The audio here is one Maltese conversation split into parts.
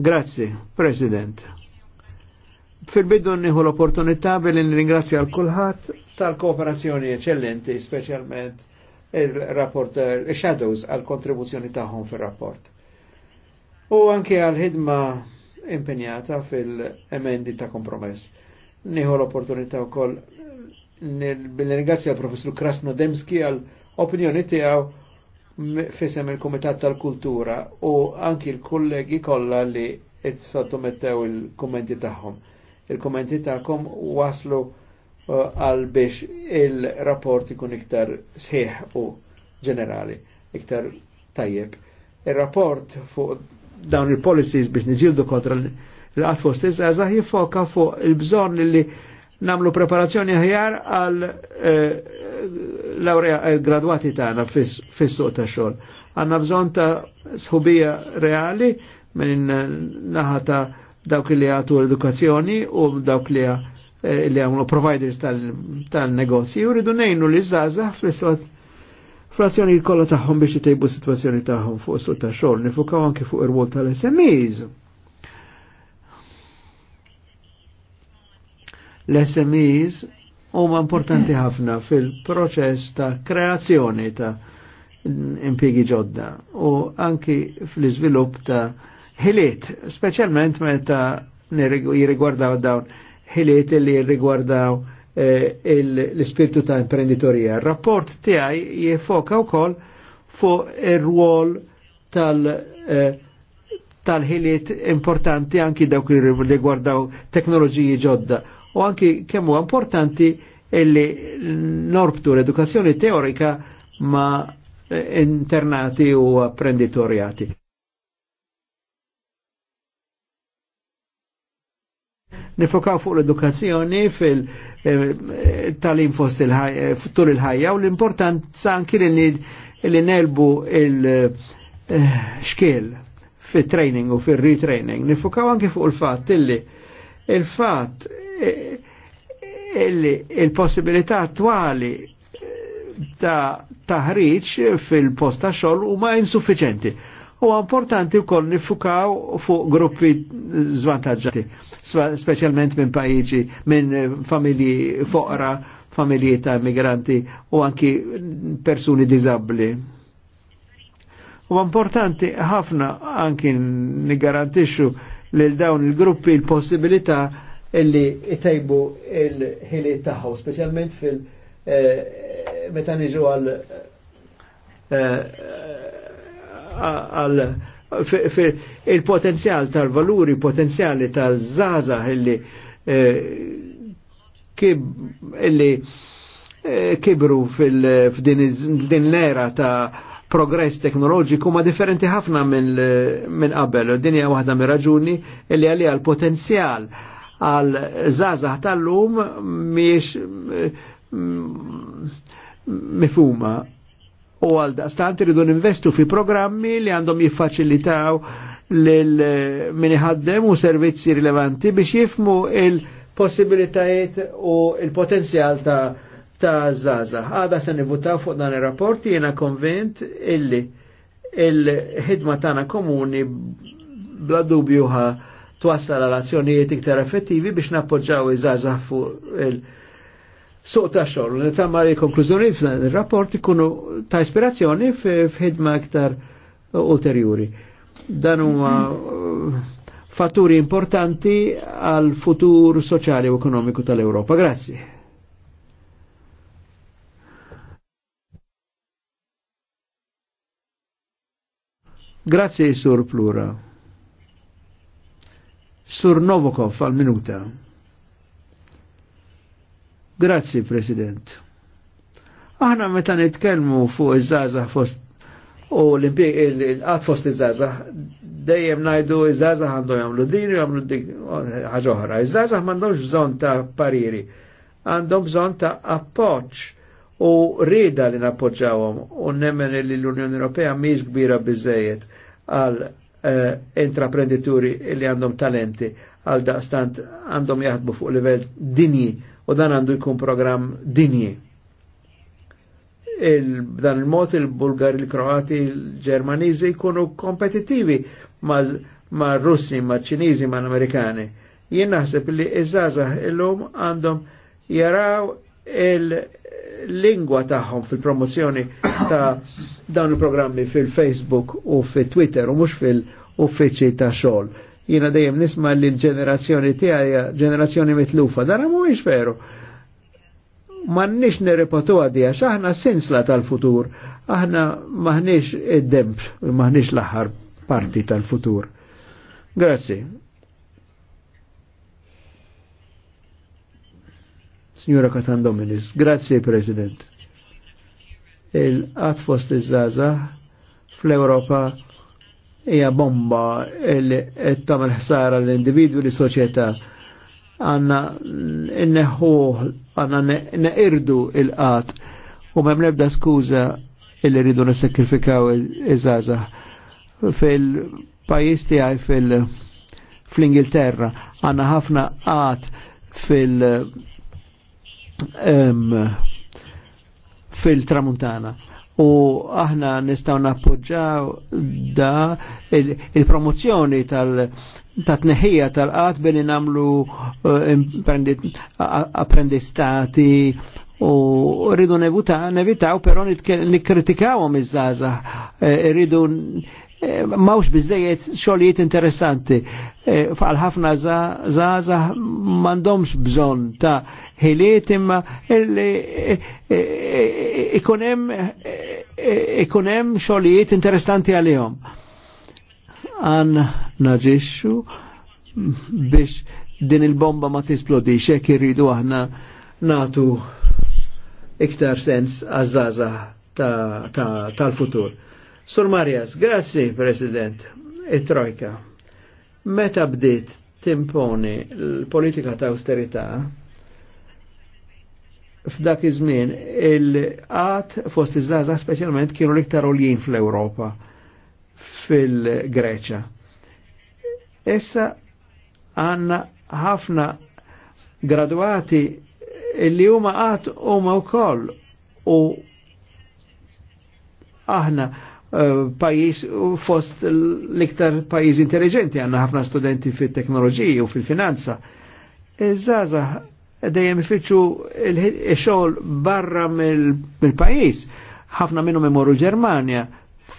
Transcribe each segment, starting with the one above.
Grazzi, President. Fil-bidu nniħu l-opportunità billi ringrazzja għal kulħadd tal-kooperazzjoni eccellenti, specialment il rapport il-shadows għal kontribuzzjoni tagħhom fil-rapport. U anke għal ħidma impenjata fil-emendi ta' kompromess. Nieħu l-opportunità wkoll billi ringrazzja l-professur Krasnodemski għal opinjoni tiegħu fisem il-Komitat tal-Kultura u anki l-kollegi kollha li sottomettew il-kommenti tagħhom. Il-kommenti tagħkom waslu uh, għal biex il-rapport ikun iktar sħiħ u ġenerali, iktar tajjeb. Il-rapport fuq dawn il-policies biex niġildu kontra l-għatfost iż-żazah jifoka fuq il-bżon li, li namlu preparazzjoni ħjar għal eh, laurea eh, graduati tagħna fis-suq ta' xogħol. Għandna bżonn ta' sħubija reali minn naħa ta' dawk li għatu l-edukazzjoni u dawk li eh, li għamlu providers tal-negozji u rridu nejnu li zaza fl-azzjoni kollha tagħhom biex jitejbu situazzjoni tagħhom fuq suq ta' xogħol nifukaw anki fuq ir-wol tal-SMEs L-SMEs huma importanti ħafna fil-proċess ta' kreazzjoni ta' impiegi ġodda u anki fl-iżvilupp ta' ħiliet, speċjalment meta jirrigwardaw dawn ħiliet li jirrigwardaw eh, l-ispirtu ta' imprenditorija. Rapport tiegħi jifoka wkoll fuq ir-rwol eh, tal-ħiliet tal importanti anki dawk li rigwardaw teknoloġiji ġodda u anki kemm huwa importanti illi norbtu l-edukazzjoni teorika ma internati u apprenditoriati. Nifokaw fuq l-edukazzjoni fil- eh, tal-im fost eh, tul il-ħajja u l-importanza anki li nelbu il-xkiel eh, fit-training u fil-retraining. Nifokaw anki fuq il-fat illi il-fat il-possibilità attuali eh, ta' taħriċ fil-post ta' u ma' insuffiċenti. U importanti u koll nifukaw fuq gruppi zvantaġġati, specialment minn pajjiġi, minn familji foqra, familji ta' migranti u anki persuni diżabbli. U importanti ħafna anki nigarantixu lil dawn il-gruppi l-possibilità il gruppi il possibilità il illi jtajbu il-ħili taħħu, specialment fil- eh, meta niġu għal eh, għal il-potenzjal tal-valuri potenzjali tal zaza illi eh, illi kibru fil-din l-era ta' progress teknoloġiku ma differenti ħafna minn qabel. Din hija waħda mir raġuni li għalija l-potenzjal għal zazah tal-lum miex mm, mifuma u għal daqstant rridu investu fi programmi li għandhom jiffaċilitaw l-miniħaddem u servizzi rilevanti biex jifmu il-possibilitajiet u il-potenzjal ta' ta' zaza. Għada se nivutaw fuq dan il-rapporti jena konvent illi il-ħidma tana komuni bla dubju ha' twassal għal iktar effettivi biex nappoġġaw iż-żgħażagħ fuq il- Suq ta' xogħol, li tamma li konklużjoni fil-rapport ikunu ta' ispirazzjoni f'ħidma iktar ulterjuri. Dan huwa eh, fatturi importanti għal futur soċjali u ekonomiku tal-Europa. Grazzi. Grazie, Sur Plura. Sur Novokov għal minuta. Grazzi, President. Aħna meta nitkellmu fuq iż-żgħażagħ fost u l-impjeg il-qatt fost iż-żgħażagħ dejjem ngħidu iż-żgħażagħ għandhom jagħmlu din u jagħmlu dik ħaġa oħra. Iż-żgħażagħ m'għandhomx bżonn ta' pariri, għandhom bżonn ta' appoġġ u rieda li nappoġġawhom u nemmen li l-Unjoni Ewropea mhijiex kbira biżejjed għal Eh, intraprenditori li għandhom talenti għal daqstant għandhom jaħdmu fuq livell dinji u dan għandu jkun program dinji. Il, dan il-mod il-Bulgari, il-Kroati, il-Ġermaniżi jkunu kompetitivi ma' Russi, ma' Ċiniżi, ma' Amerikani. Jien naħseb li iż-żaza illum għandhom jaraw lingwa tagħhom fil-promozzjoni ta' dawn il-programmi fil-Facebook u fil-Twitter u mhux fil uffiċi ta' xogħol. Jiena dejjem nisma' li l-ġenerazzjoni tiegħi ġenerazzjoni mitlufa, dara mhuwiex veru. M'għandniex nirrepetuha di għax aħna sinsla tal-futur, aħna maħniex id demp maħniex l-aħħar parti tal-futur. Grazie. Signora Katandominis. Grazie, President. Il-qat fost iż-żaza fl-Europa hija bomba li qed tagħmel ħsara l-individwi li soċjetà għanna inneħu għanna neqirdu il-qat u mem nebda skuża illi rridu nissakrifikaw iż-żaza fil-pajis tiegħi fil-Ingilterra għanna ħafna qat fil um, fil-Tramuntana u aħna nistaw nappoġġaw da il-promozzjoni il tal ta' tneħija tal-qat billi namlu eh, apprendistati u rridu nevitaw pero nikkritikawhom iż-żgħażagħ, eh, rridu Eh, mawx bizzejiet xogħlijiet interessanti. Eh, Fal ħafna zaza mandomx bżon ta' ħiliet imma eh, ikun hemm xogħlijiet interessanti għalihom. Għan naġixxu biex din il-bomba ma tisplodix hekk irridu aħna natu iktar sens għazzaza ta tal-futur. Ta, ta, Sur Marjas, grazzi, President, it-Trojka. Meta bdiet timponi l-politika ta' austerità, f'dak iż-żmien il-qat fost iż-żgħażagħ speċjalment kienu l-iktar oljin fl-Ewropa fil-Greċja. Essa għanna ħafna graduati li huma qatt huma wkoll u aħna Eh, pajis u fost l-iktar pajis intelligenti għanna ħafna studenti fit teknoloġiji u fil-finanza. Iż-żaza e dejjem ifittxu il-xogħol barra mill-pajis. Ħafna minnhom imorru Ġermanja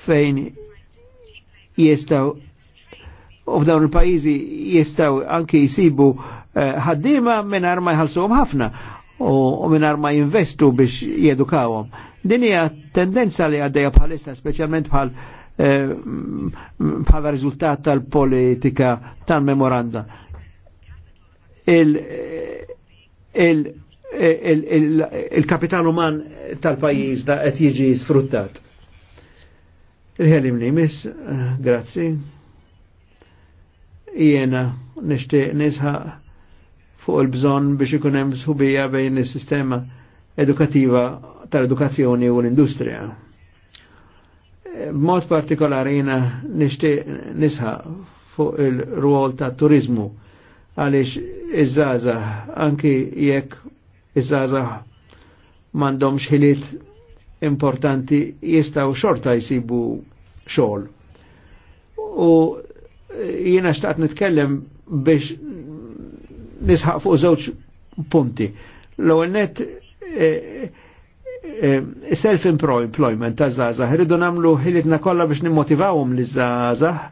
fejn jistaw u f'dawn il-pajjiżi jistaw anki jisibu eh, ħaddiema minn arma jħallsuhom ħafna u minar ma jinvestu biex jedukawhom. Din hija tendenza li għaddejja bħalissa, speċjalment bħal eh, bħala riżultat tal-politika tal-memoranda. Il-kapital uman tal-pajjiż da qed jiġi sfruttat. Il-ħelim li eh, grazzi. Jena nishtiq nisħaq fuq il-bżon biex ikun hemm sħubija bejn is-sistema edukattiva tal-edukazzjoni u l-industrija. E, b'mod partikolari jiena nixtieq nisħa fuq il-rwol ta' turizmu għaliex iż-żaza anki jekk iż-żaza m'għandhomx ħiliet importanti jistgħu xorta jsibu xogħol. U jiena xtaqt nitkellem biex nisħaq fuq żewġ punti. L-ewwel net e, e, e, self-employment ta' zazah, rridu namlu ħilitna kollha biex nimmotivawhom li zazah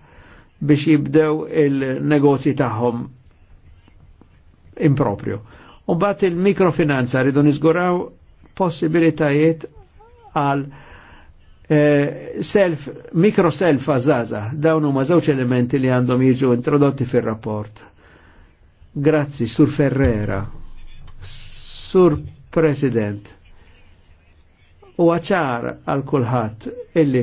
biex jibdew il-negozji tagħhom improprio. U bat il-mikrofinanza rridu niżguraw possibilitajiet għal self, mikro self għazaza, dawn huma żewġ elementi li għandhom jiġu introdotti fir-rapport. Grazzi, Sur Ferrera. Sur President. U għacħar għal kulħat illi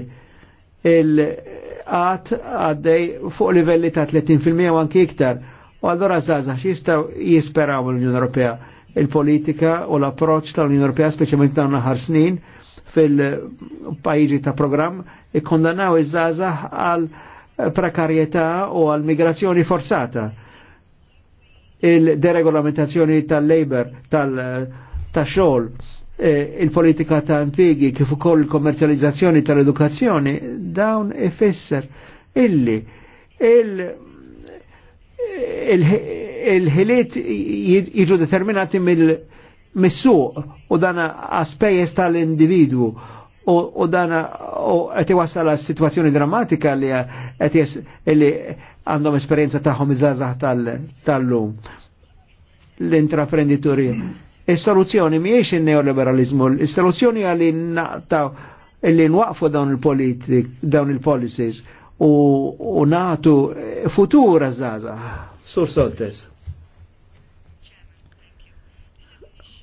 il-għat għaddej fuq livelli ta' 30% u anki iktar. U għallora zazax jistaw jisperaw l unjon Ewropea il-politika u l-approċ tal unjon Ewropea, speċjalment ta' naħar snin, fil-pajiġi ta' program, ikkondannaw iż-żazax għal prekarjetà u għal migrazzjoni forzata il-deregolamentazzjoni tal-labor, tal-xol, e, il-politika ta' impiegi kif ukoll il-kommerċializzazzjoni tal-edukazzjoni, dawn ifisser illi il-ħiliet jiġu determinati mill missuq u dan aspejjes tal-individwu u u dana u għet wasal situazzjoni drammatika li għet li għandhom esperienza taħħom iż-żazah tal-lum l-intraprenditorija. Is-soluzzjoni miex il-neoliberalizmu, is-soluzzjoni għalli naqtaw illi nwaqfu dawn il-politik, dawn il-policies u, u natu futura zaza. Sur Soltes.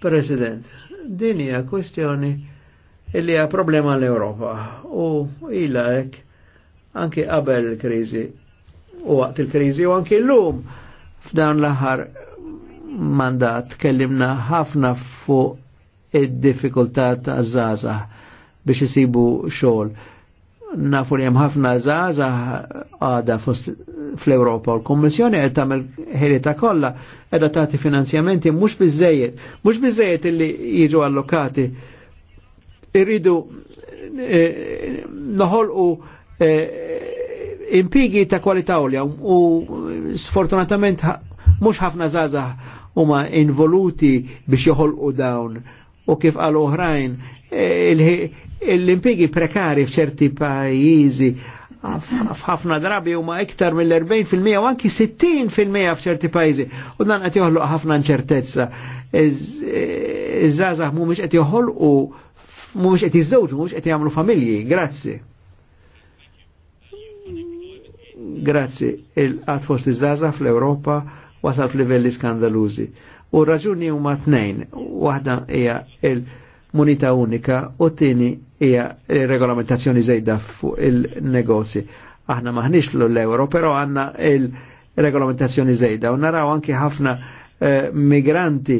President, din hija questioni illi ha problema l-Ewropa u ilha hekk anke qabel il-kriżi u waqt il-kriżi u l llum f'dan l-aħħar mandat kellimna ħafna fuq id-diffikultà ta' zaza biex isibu xogħol. Nafu li hemm ħafna zaza għada fost fl-Europa u l-Kommissjoni qed tagħmel ħerita kollha qiegħda tagħti finanzjamenti mhux biżejjed, mhux biżejjed illi jiġu allokati irridu eh, noħolqu eh, impigi ta' kwalità olja u sfortunatament mhux ħafna żgħażagħ huma involuti biex joħolqu dawn u kif qal oħrajn eh, l-impigi prekari f'ċerti pajjiżi f'ħafna drabi huma iktar mill-40% u anki 60% f'ċerti pajjiżi. U dan qed joħloq ħafna inċertezza. Iż-żgħażagħ mhumiex qed joħolqu M'hux qed jiżżewġu, mhux qed jagħmlu familji. Grazzi. Grazzi. il qat fost iż-żgħażagħ fl-Ewropa wasal f'livelli skandalużi. U raġuni huma tnejn, waħda hija il-munita unika u t-tieni hija regolamentazzjoni żejda fuq il-negozji. Aħna maħniex l-euro, però għandna il-regolamentazzjoni żejda u naraw anki ħafna eh, migranti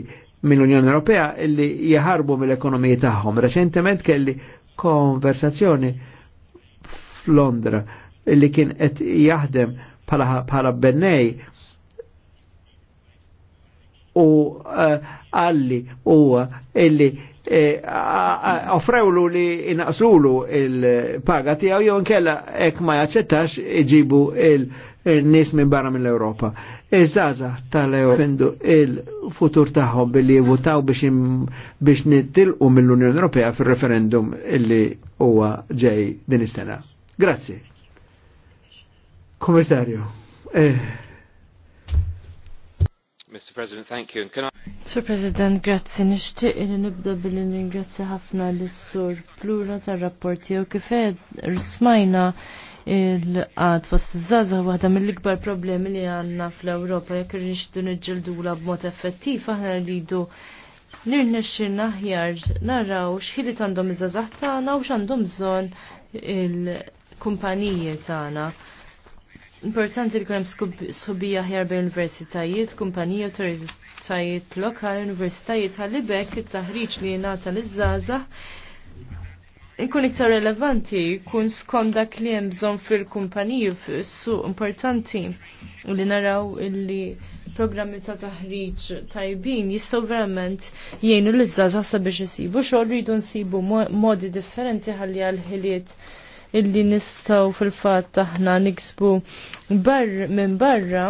mill-Unjoni Ewropea illi jaħarbu mill-ekonomiji tagħhom. Reċentement kelli konversazzjoni f'Londra illi kien qed jaħdem bħala bennej u għalli eh, u illi eh, offrewlu li inaqsulu il-paga tijaw jew nkella ek ma jaċċettax iġibu il-nis minn barra mill-Europa. Iż-żaza tal-Europa il futur tagħhom billi votaw biex biex nittilqu mill-Unjoni Ewropea fir-referendum illi huwa ġej din is-sena. Grazzi. Komissarju. Eh. Mr. President, thank you. And can I... Sir President, grazzi. Nishtiq li nibda billi ringrazzi ħafna l-Sur Plura tal-rapport jew kif smajna il-qad fost iż-żaza waħda mill-ikbar problemi li għandna fl-Ewropa jekk la b b'mod effettiv aħna rridu nirnexxi naħjar naraw x'ħiliet għandhom iż-żazax tagħna u x'għandhom bżonn il-kumpaniji tagħna. Importanti li kemm subija ħjar bejn universitajiet, kumpaniji, autoritajiet lokali, universitajiet ħallibek it-taħriġ li jingħata l żgħażagħ ikun iktar relevanti, kun skont dak li hemm bżonn fil-kumpaniji fis-suq importanti li naraw illi programmi ta' taħriġ tajbin jistgħu verament jgħinu l żgħażagħ sabiex isibu xogħol rridu nsibu modi differenti ħalli għal ħiliet illi nistgħu fil-fatt aħna niksbu bar minn barra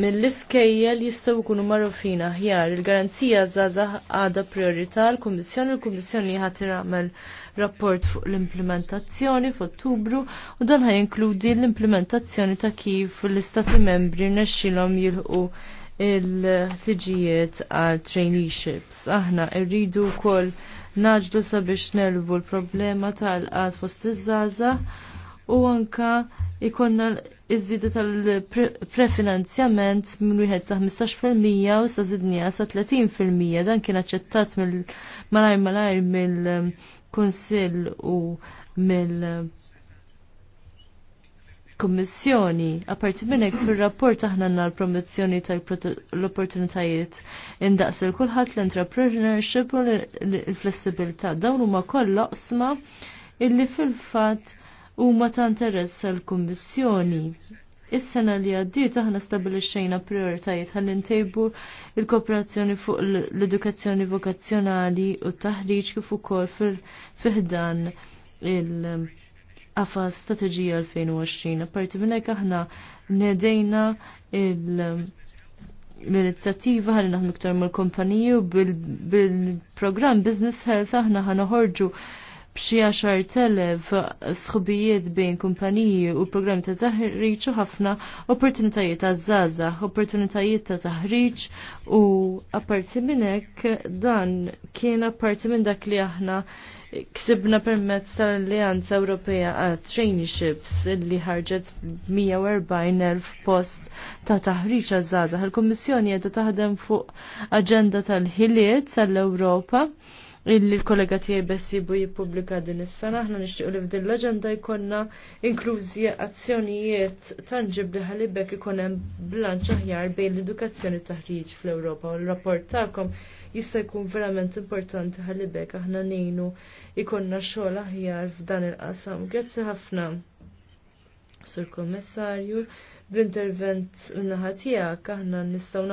mill-iskejjel jistgħu jkunu marrufin aħjar. Il-garanzija żgħażagħ għadha priorità l-Kummissjoni, l-Kummissjoni ħadd iramel rapport fuq l-implementazzjoni f'Ottubru u dan ħajinkludi l-implementazzjoni ta' kif l-Istati membri nexxilhom jilħu il-tiġijiet għal traineeships. Aħna rridu wkoll naġdu sabiex nelvu l-problema tal-qad fost iż-żgħażagħ u anka ikonna iżidu tal-prefinanzjament minn wieħed sa' 15% u sa' zidnija sa' 30% dan kien aċċettat mill malajr malajr mill-Kunsill u mill Kommissjoni, apparti minnek fil-rapport aħna nna l-promozzjoni tal-opportunitajiet indaqs il-kulħat l-entrepreneurship u l-flessibilità. Dawn huma kollha oqsma illi fil-fatt huma ta' interess għall-Kummissjoni. Is-sena li għaddiet aħna stabilixxejna prioritajiet ħalli ntejbu l-kooperazzjoni fuq l-edukazzjoni vokazzjonali u t-taħriġ kif ukoll fil-fiħdan il-qafa strateġija 2020. Apparti minn hekk aħna nedejna l-inizjattiva ħalli naħmu iktar mal-kompaniju bil-programm Business Health aħna ħanaħorġu. ħorġu b'xi għaxar telef sħubijiet bejn kumpaniji u programmi ta' taħriġ u ħafna opportunitajiet ta' zaza, opportunitajiet ta' taħriġ u apparti minn hekk dan kien apparti minn dak li aħna ksibna permezz tal-Alleanza Ewropea għal traineeships li ħarġet 140.000 post ta' taħriġ għaż-żgħażagħ. Il-Kummissjoni qiegħda taħdem fuq aġenda tal-ħiliet tal-Ewropa. tal ħiliet tal ewropa il-kollega tiegħi bessibu jippubblika din is-sena aħna nixtiequ li f'din l-aġenda jkollna inklużi azzjonijiet tanġibli ħalibek ikun hemm bilanċ aħjar bejn l-edukazzjoni taħriġ fl-Ewropa u l-rapport tagħkom jista' jkun verament importanti ħalibek aħna ngħinu ikonna xogħol aħjar f'dan il-qasam. Grazzi ħafna. Sur Kommissarju, B'intervent intervent minnaħa tiegħek aħna nistgħu